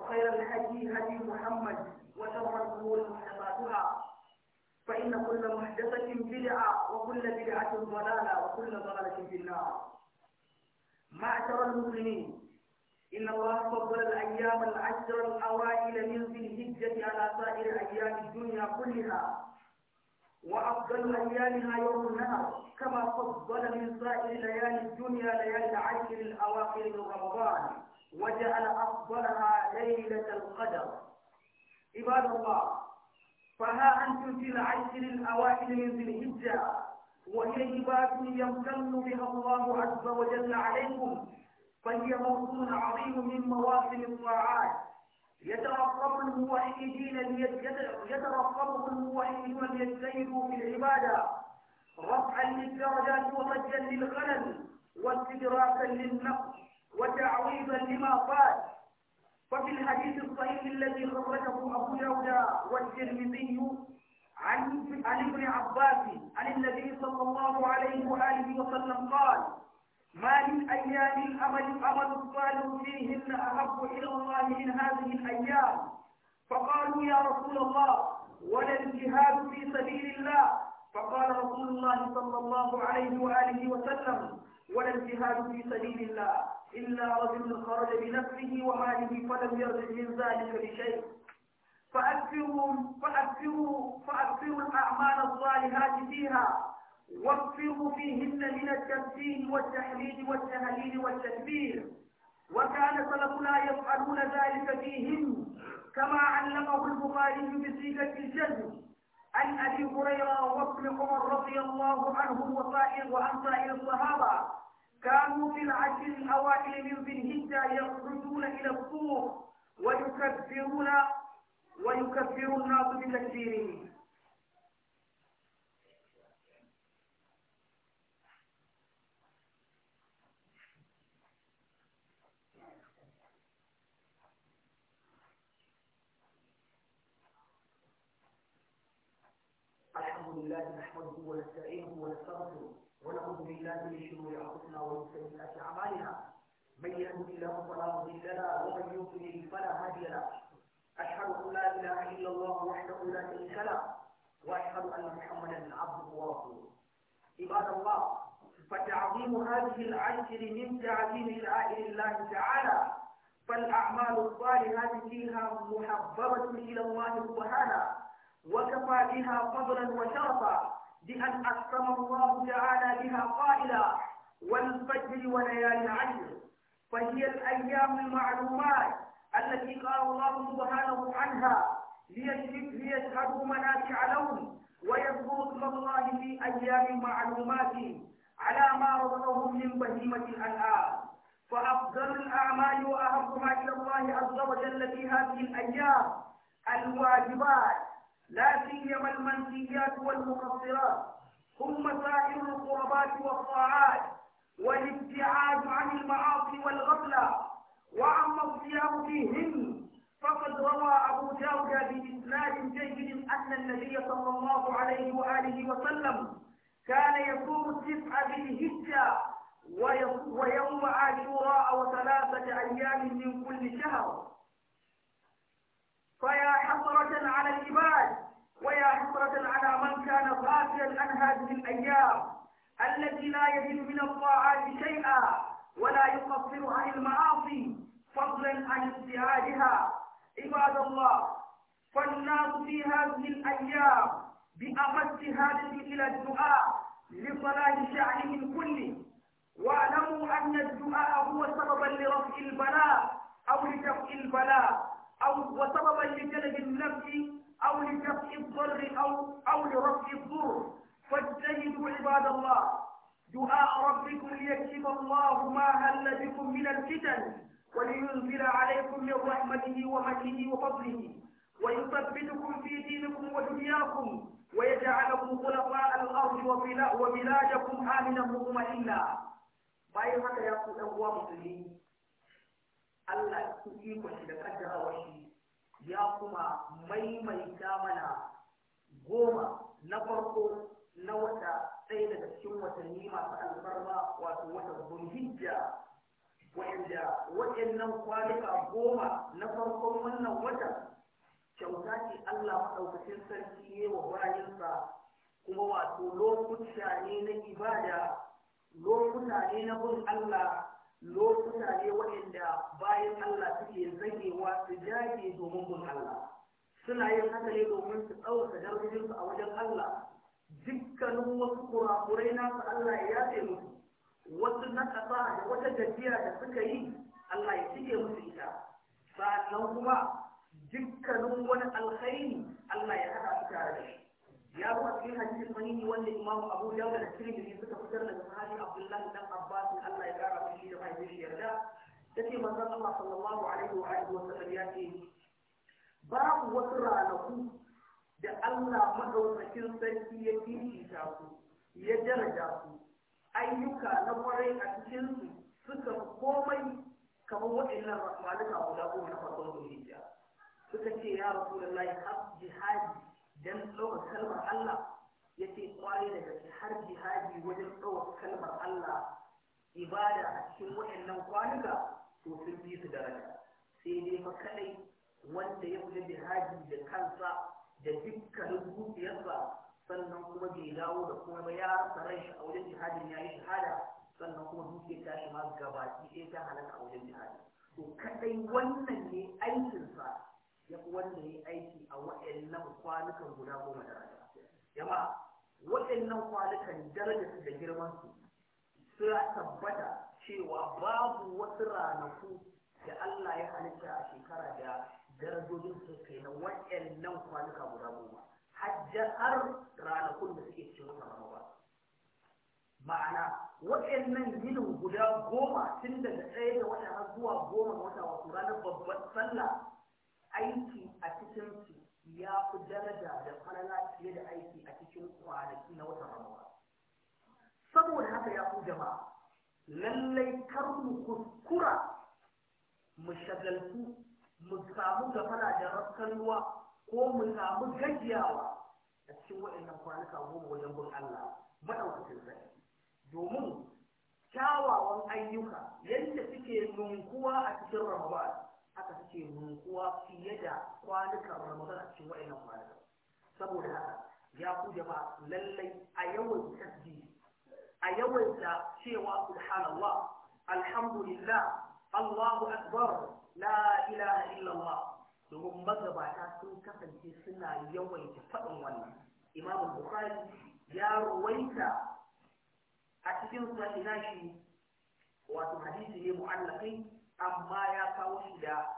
وخير الهدي هدي محمد وشر الأمور محدثاتها فإن كل محدثة بدعة وكل بدعة ضلالة وكل ضلالة في النار معشر المسلمين إن الله فضل الأيام العشر الأوائل من ذي الهجة على سائر أيام الدنيا كلها وأفضل أيامها يوم النهر كما فضل من سائر ليالي الدنيا ليالي العشر الأواخر من رمضان وجعل أفضلها ليلة القدر عباد الله فها أنتم في العشر الأوائل من ذي الهجة وهي هبات يمتن بها الله عز وجل عليكم فهي موسم عظيم من مواسم الطاعات يترقب الموحدين يترقبه الموحدون ليجتهدوا في العبادة رفعا للدرجات وضجا للغنم واستدراكا للنقص وتعويضا لما فات ففي الحديث الصحيح الذي خرجه أبو داود والترمذي عن عن ابن عباس عن النبي صلى الله عليه وآله وسلم قال ما من أيام الأمل أمل الصالح فيهن أحب إلى الله من هذه الأيام فقالوا يا رسول الله ولا الجهاد في سبيل الله فقال رسول الله صلى الله عليه وآله وسلم ولا الجهاد في سبيل الله إلا رجل خرج بنفسه وماله فلم يرجع من ذلك بشيء فأكثروا فأكثروا فأكثروا الأعمال الصالحات فيها واكثروا فيهن من التمثيل والتحليل والتهليل والتكبير وكان لا يفعلون ذلك فيهن كما علمه البخاري بصيغة الجزم عن أبي هريرة وابن عمر رضي الله عنه وسائر وعن سائر الصحابة كانوا في العشر الأوائل من ذي الهجة يخرجون إلى السوق ويكبرون ويكبر الناس بتكبيرهم لله نحمده ونستعينه ونستغفره ونعوذ بالله من شرور انفسنا ومن سيئات اعمالنا من يهده الله فلا مضل له ومن يضلل فلا هادي له اشهد ان لا اله الا الله وحده لا شريك له واشهد ان محمدا عبده ورسوله عباد الله فتعظيم هذه العشر من تعظيم شعائر الله تعالى فالاعمال الصالحه فيها محببه الى الله سبحانه وكفى بها فضلا وشرفا بأن أقسم الله تعالى بها قائلا والفجر وليالي العشر فهي الأيام المعلومات التي قال الله سبحانه عنها ليشهدوا منافع لهم ويذكروا اسم الله في أيام معلومات على ما رزقهم من بهيمة الأنعام فأفضل الأعمال وأهمها إلى الله عز وجل في هذه الأيام الواجبات لا سيما المنسيات والمقصرات ثم سائر القربات والطاعات والابتعاد عن المعاصي والغفلة وعما الصيام فيهن فقد روى أبو داود بإسناد جيد أن النبي صلى الله عليه وآله وسلم كان يصوم التسع بالهجة ويوم عاشوراء وثلاثة أيام من كل شهر فيا حسرة على العباد ويا حسرة على من كان غافلا عن هذه الأيام التي لا يجد من الطاعات شيئا ولا يقصر عن المعاصي فضلا عن ابتعادها عباد الله فالناس في هذه الأيام بأمس هذه إلى الدعاء لصلاح شأنهم كله واعلموا أن الدعاء هو سببا لرفع البلاء أو لدفع البلاء أو وسببا لجلب النفع أو لدفع الضر أو أو لرفع الضر فاجتهدوا عباد الله دعاء ربكم ليكشف الله ما هل بكم من الفتن ولينزل عليكم من رحمته ومنه وفضله ويثبتكم في دينكم ودنياكم ويجعلكم خلفاء الأرض وبلادكم آمنا مطمئنا. بايعك يا أخوة مسلمين Allah cikin iko shi da kaddarawa shi ya kuma maimaita mana goma na farko na wata sai daga cikin watanni masu alfarma wato watan bulhijja wa'anda waɗannan kwanuka goma na farkon wannan watan kyauta ce Allah maɗaukacin sarki ne wa bayansa kuma wato lokuta ne na ibada lokuta ne na bin Allah lokuta ne waɗanda bayan Allah suke zagewa su jage domin bin Allah suna yin haka ne domin su tsawata darajojinsu a wajen Allah dukkanin wasu kurakurai su Allah ya yafe musu wasu na ƙasa da wata tafiya da suka yi Allah ya cike musu ita sa'annan kuma dukkanin wani alkhairi Allah ya haɗa su tare da shi ya zo a cikin hadisin wanda imamu abu dawud da tirmidhi suka fitar daga sahabi abdullahi dan abbas Allah ya kara mishi da mai shi yarda yace manzon Allah sallallahu alaihi wa alihi wa sallam ya ce babu wasu ranaku da Allah madaukakin sarki ya fifita su ya daraja su ayyuka na kwarai a cikin su suka komai kamar waɗannan malika guda goma na farkon zuciya suka ce ya rasulullahi har jihadi dan tsawon kalmar Allah ya ce kwaye daga gaske har jihadi wajen tsawon kalmar Allah ibada a cikin waɗannan kwanuka to sun fi su daraja sai dai fa kadai wanda ya kula jihadi da kansa da dukkanin zuciyarsa sannan kuma bai dawo da kuma ba ya rasa shi a wajen jihadin ya yi shahada sannan kuma zuciyar ta shi ma gabaci ɗaya ta halaka a wajen jihadi to kadai wannan ne aikinsa ya fi wanda ya yi aiki a waɗannan kwanukan guda goma da rana jama'a waɗannan kwanukan darajar da girman su ya tabbata cewa babu wasu ranaku da Allah ya halitta a shekara da darajojin su na waɗannan kwanuka guda goma hajjar har ranakun da suke cikin wata ba ma'ana waɗannan ginin guda goma tun daga ɗaya da wata har zuwa goma wata wasu ranar babban sallah aiki a cikin su ya fi daraja da falala fiye da aiki a cikin kwanaki na watan ramadan saboda haka ya fi jama, lallai kar mu kuskura mu shagaltu mu samu gafara da rakan ruwa ko mu samu gajiyawa a cikin waɗannan kwanaka goma wajen bin Allah maɗaukacin zai. domin kyawawan ayyuka yadda suke nunkuwa a cikin Ramadan fiye da kwanukan ramadan a cikin wa'annan kwanukan saboda haka ya ku jama'a lallai a yawan tasbihi a yawaita cewa subhanallah alhamdulillah Allahu akbar la ilaha illallah domin magabata sun kasance suna yawaita faɗin wannan imam bukhari ya ruwaita a cikin sunan shi wato hadisi ne mu'allafai amma ya kawo shi da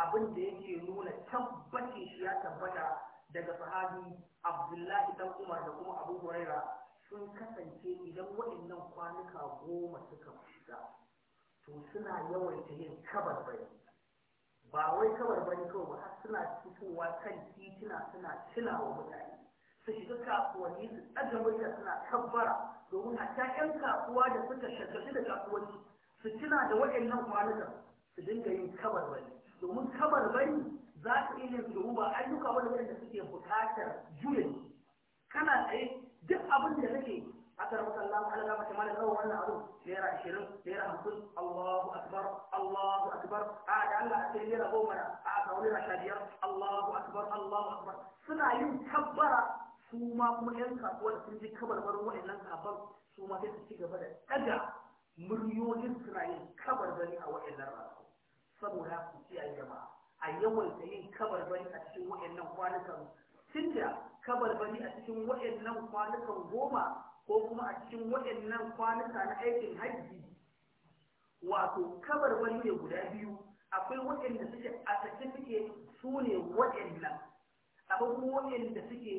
abin da yake nuna tabbacin shi ya tabbata daga sahabi abdullahi dan umar da kuma abu huraira sun kasance idan waɗannan kwanuka goma suka shiga to suna yawaita yin bari ba wai bari kawai ba har suna fitowa kan titina suna tuna wa mutane su shiga kasuwanni su ɗaga murya suna kabbara domin a ta 'yan kasuwa da suka shagaltu da kasuwanci su tuna da waɗannan kwanukan su dinga yin kabar bari domin kamar bari za ka iya yin domin ba ayyuka wanda wanda suke bukatar juya kana tsaye duk abin da kake a maka Allah ala gama ta malam rawa wannan abu naira ashirin naira hamsin Allahu akbar Allahu akbar a da Allah a cikin naira goma na a aka wani rasha biyar Allahu akbar Allahu akbar suna yin tabbara su ma kuma yan kasuwa da sun ji kabarbarin waɗannan kafan su ma sai su ci gaba da ɗaga muryoyin suna yin kabarbari a waɗannan ranaku saboda ku kiyaye jama'a a yawaita yin kabarbari a cikin waɗannan kwanukan kabar kabarbari a cikin waɗannan kwanukan goma ko kuma a cikin waɗannan kwanuka na aikin hajji wato kabarbari ne guda biyu akwai waɗanda suke a sake suke su ne waɗannan akwai kuma waɗanda suke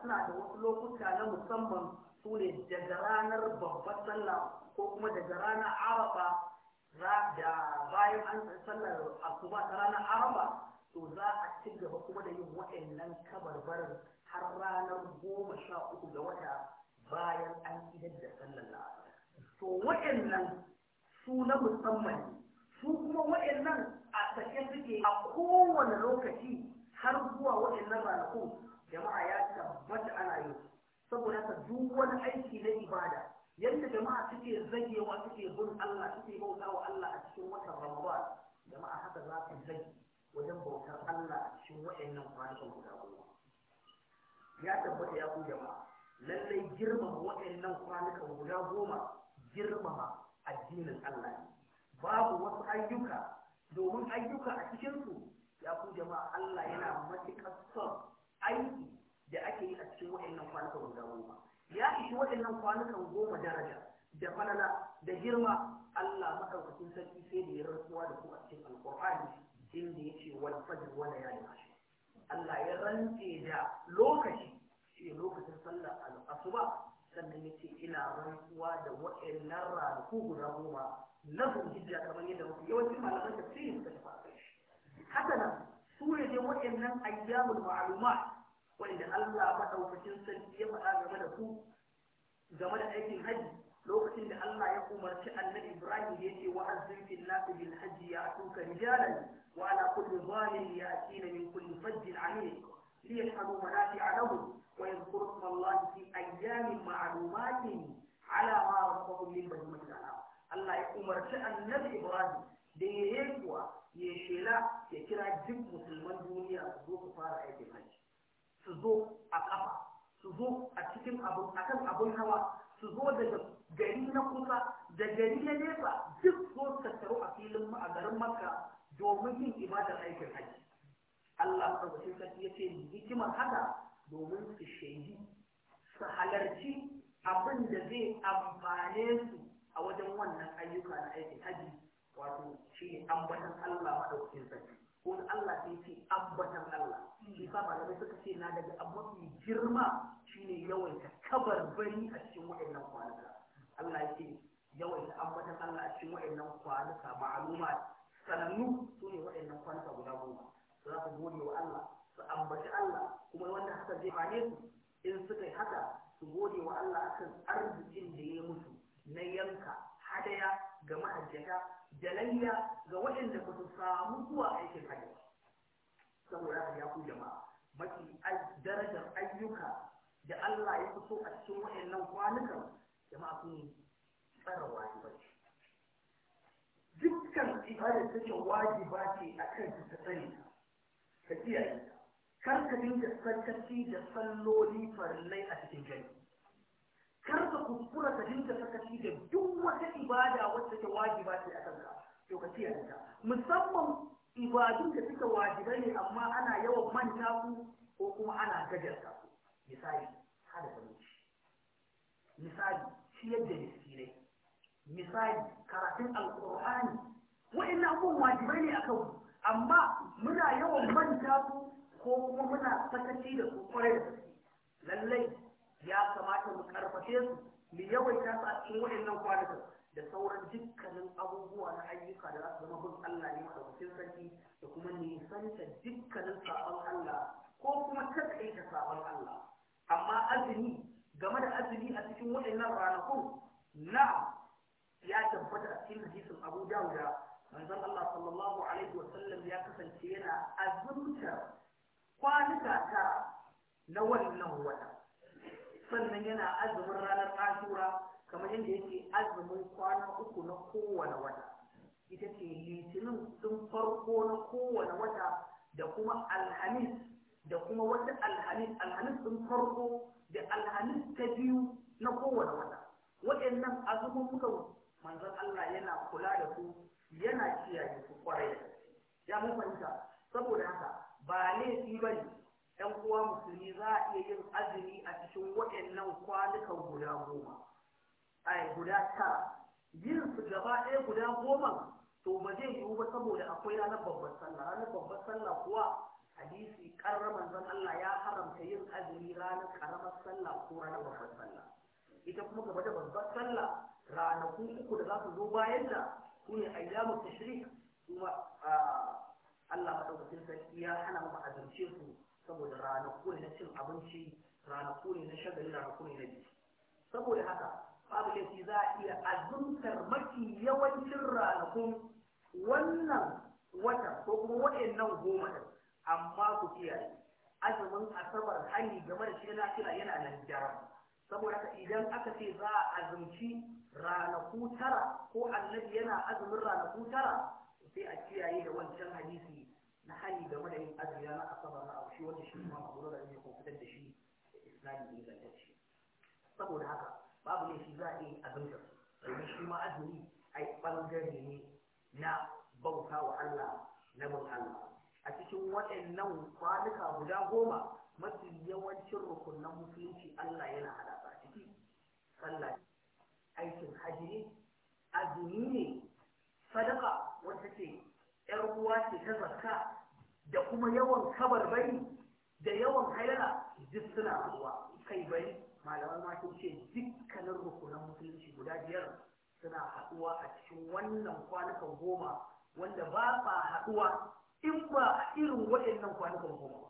suna da wasu lokuta na musamman su ne daga ranar babban sallah ko kuma daga ranar arafa da bayan an sallar asuba ta ranar araba to za a ci gaba kuma da yin waɗannan kabarbarin har ranar goma sha uku ga wata bayan an idar da sallar na. to waɗannan su na musamman su kuma waɗannan a sake suke a kowane lokaci har zuwa waɗannan ranakun jama'a ya tabbata ana yi saboda ka duk wani aiki na ibada yadda jama'a suke zagewa suke bin Allah suke bauta wa Allah a cikin watan Ramadan jama'a haka za su zage wajen bautar Allah a cikin waɗannan kwanakin guda goma ya tabbata ya ku jama'a lallai girmama waɗannan kwanukan guda goma girmama addinin Allah babu wasu ayyuka domin ayyuka a cikinsu ya ku jama'a Allah yana matuƙar son aiki da ake yi a cikin waɗannan kwanukan guda goma ya ishi waɗannan kwanukan goma daraja da falala da girma Allah maɗaukakin sarki sai da ya rantsuwa da ku a cikin alƙur'ani inda ya ce wal fajr ya yi mashi. Allah ya rantse da lokaci shi lokacin sallar alasuba sannan ya ce ina rantsuwa da waɗannan ranaku guda goma na hujja kamar yadda mafi yawancin malaman tafsiri suka tafi a kai haka nan su ne dai waɗannan ayyamul ma'aluma. wanda Allah madaukakin sarki ya faɗa game da ku game da aikin haji lokacin da Allah ya umarci annabi Ibrahim ya ce wa azzin fil nasi bil hajji ya atuka rijalan wa ala kulli zalim yatina min kulli fajjin amin liyashhadu manafi'a lahum wa yadhkuru isma Allah fi ayyamin ma'lumatin ala ma rabbakum min bahimatil anam Allah ya umarci annabi Ibrahim da ya yi kuwa ya shela ya kira duk musulman duniya su zo ku fara aikin hajji su zo a kafa su zo a cikin abun akan abun hawa su zo daga gari na kusa da gari na nesa duk zo tattaru a filin a garin makka domin yin ibadar aikin haji Allah ɗaukacin sarki ya ce hikimar haka domin su shaidi su halarci abin da zai amfane su a wajen wannan ayyuka na aikin haji wato shi ambatan Allah maɗaukacin sarki wani Allah sai ce ambatan Allah shi ba da suka ce na daga abu mai girma shine yawaita kabar bari a cikin waannan kwanuka Allah ya ce yawaita ambatan Allah a cikin waɗannan kwanuka ma'aluma sanannu su ne waɗannan kwanuka guda goma su za su gode wa Allah su ambaci Allah kuma wanda haka zai fane su in suka yi haka su gode wa Allah akan arzikin da ya musu na yanka hadaya ga mahajjata da layya ga waɗanda ba su samu zuwa aikin hajji saboda ya ku jama'a mafi darajar ayyuka da Allah ya fito a cikin waɗannan kwanukan jama'a sun tsara wajibai dukkan ibada ce wajiba ce a kan ta tsare ta kiyaye kar ka dinga sarkaci da salloli farillai a cikin gani kar ka kuskura ka saka sakaci da duk wata ibada wacce ta wajiba ce a kanka to ka kiyaye ta musamman ibadun da suka wajiba ne amma ana yawan manta ku ko kuma ana gajar ta ku. misali hada shi. misali ciyar da miskinai misali karatun alkur'ani wa'annan abubuwan wajibai ne a kanmu amma muna yawan manta ku ko kuma muna sakaci da su kwarai da su lallai ya kamata mu karfafe su mu yawaita su a cikin waɗannan kwanakin da sauran dukkanin abubuwa na ayyuka da za su zama bin Allah ne cikin sarki da kuma nisanta dukkanin sabon Allah ko kuma takaita sabon Allah amma azumi game da azumi a cikin waɗannan ranakun na ya tabbata a cikin hadisin Abu Dawud manzon Allah sallallahu alaihi wa sallam ya kasance yana azumta kwanaka ta na wannan wata sannan yana azumin ranar ashura kamar yadda yake azumin kwana uku na kowane wata ita ce litinin sun farko na kowane wata da kuma alhamis da kuma wata alhamis alhamis sun farko da alhamis ta biyu na kowane wata waɗannan azumin muka manzon Allah yana kula da su yana kiyaye su kwarai ya mun saboda haka ba laifi bane 'yan uwa musulmi za a iya yin azumi a cikin waɗannan kwanukan guda goma ai guda tara yin su gaba ɗaya guda goma to ba zai yiwu ba saboda akwai ranar babbar sallah ranar babbar sallah kuwa hadisi karra zan Allah ya haramta yin azumi ranar karamar sallah ko ranar babbar sallah ita kuma gaba da babbar sallah ranaku uku da za su zo bayan da su ne ayyamu tashrik kuma ah, Allah maɗaukacin sarki ya hana mu zance su saboda ranaku ne na cin abinci ranaku ne na shagali ranaku ne na biki saboda haka babu laifi za a iya azumtar mafi yawancin ranakun wannan watan ko kuma waɗannan goma ɗin amma ku kiyaye azumin asabar hani game da shi na kira yana nan jara saboda haka idan aka ce za a azumci ranaku tara ko annabi yana azumin ranaku tara sai a kiyaye da wancan hadisi na hali game da yin azumi na asabar na aushi shi wanda shi kuma abu da zai fitar da shi da islami ne gantacce saboda haka babu ne shi za a yi abin da domin shi ma azumi a ɓangare ne na bauta wa Allah na bin Allah a cikin waɗannan kwanuka guda goma mafi yawancin rukunan musulunci Allah yana haɗa a ciki sallah aikin hajji ne azumi ne sadaka wata ce ‘yar uwa ce ta zakka da kuma yawan kabar bai da yawan hayala duk suna haɗuwa kai bai malaman ma sun ce dukkanin rukunan musulunci guda biyar suna haɗuwa a cikin wannan kwanukan goma wanda ba sa haɗuwa in ba a irin waɗannan kwanukan goma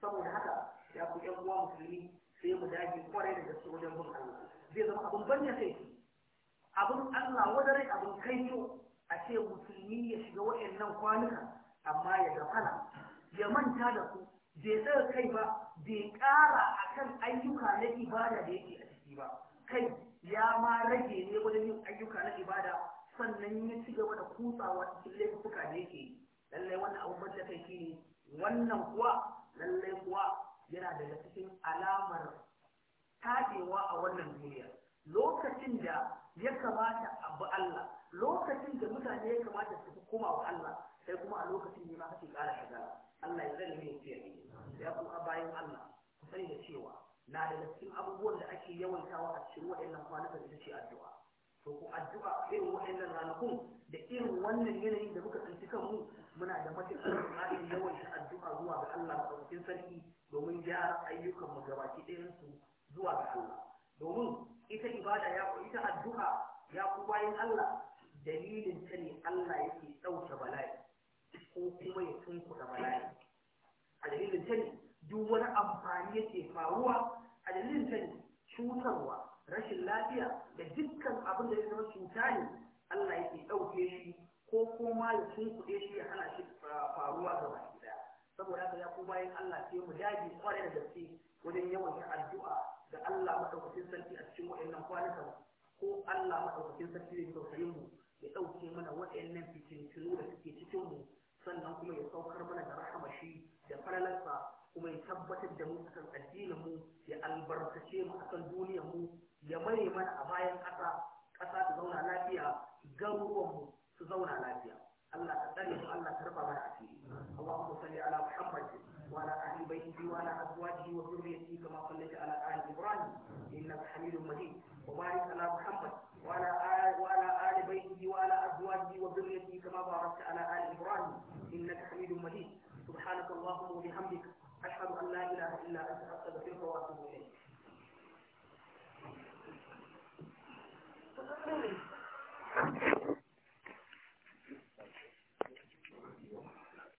saboda haka ya ku ƴan uwa musulmi sai mu dage kwarai da gaske wajen bin Allah zai zama abin ya kai Abun Allah abun kai to a ce musulmi ya shiga waɗannan kwanukan amma ya gafala ya manta da ku. bai tsaya kai ba bai ƙara a kan ayyuka na ibada da yake a ciki ba kai ya ma rage ne wajen yin ayyuka na ibada sannan ya ci gaba da kutsawa cikin laifuka da yake lallai wannan abun da kai ne. wannan kuwa lallai kuwa yana daga cikin alamar tadewa a wannan duniya lokacin da ya kamata abu Allah lokacin da mutane ya kamata su koma wa Allah sai kuma a lokacin ne ma kake ƙara shiga Allah ya zane mai fiye ya kuma bayan Allah ku sani da cewa na da cikin abubuwan da ake yawaitawa a cikin waɗannan kwanakan da ce addu'a to ku addu'a irin waɗannan ranakun da irin wannan yanayin da muka tsinci kanmu muna da matuƙar buƙatar yawaita addu'a zuwa ga Allah cikin sarki domin gyara ayyukan mu gabaki ɗayan su zuwa ga Allah domin ita ibada ya ita addu'a ya ku bayan Allah dalilin ta ne Allah yake saɓani yake faruwa a dalilin cutarwa rashin lafiya da dukkan abin da ya zama cuta ne Allah yake ɗauke shi ko kuma ya kuɗe shi ya hana shi ah, faruwa ga baki ɗaya saboda haka ya ku bayan Allah ce mu dage kwarai da gaske wajen yin addu'a ga Allah madaukakin sarki a cikin waɗannan kwanukan ko Allah madaukakin sarki ya tausayin mu ya ɗauke mana waɗannan fitintunu da suke cikin mu sannan kuma ya saukar mana da rahama shi da falalarsa kuma ya tabbatar da mu kan addinin mu ya albarkace mu kan duniyar mu ya maye mana a bayan ƙasa ƙasa ta zauna lafiya garuruwan mu su zauna lafiya Allah ka tsare mu Allah ka rufa mana asiri Allahumma salli ala Muhammad wa ala ahli baitihi wa ala azwajihi wa dhurriyyatihi kama sallaita ala ali Ibrahim innaka Hamidum Majid wa barik ala Muhammad wa ala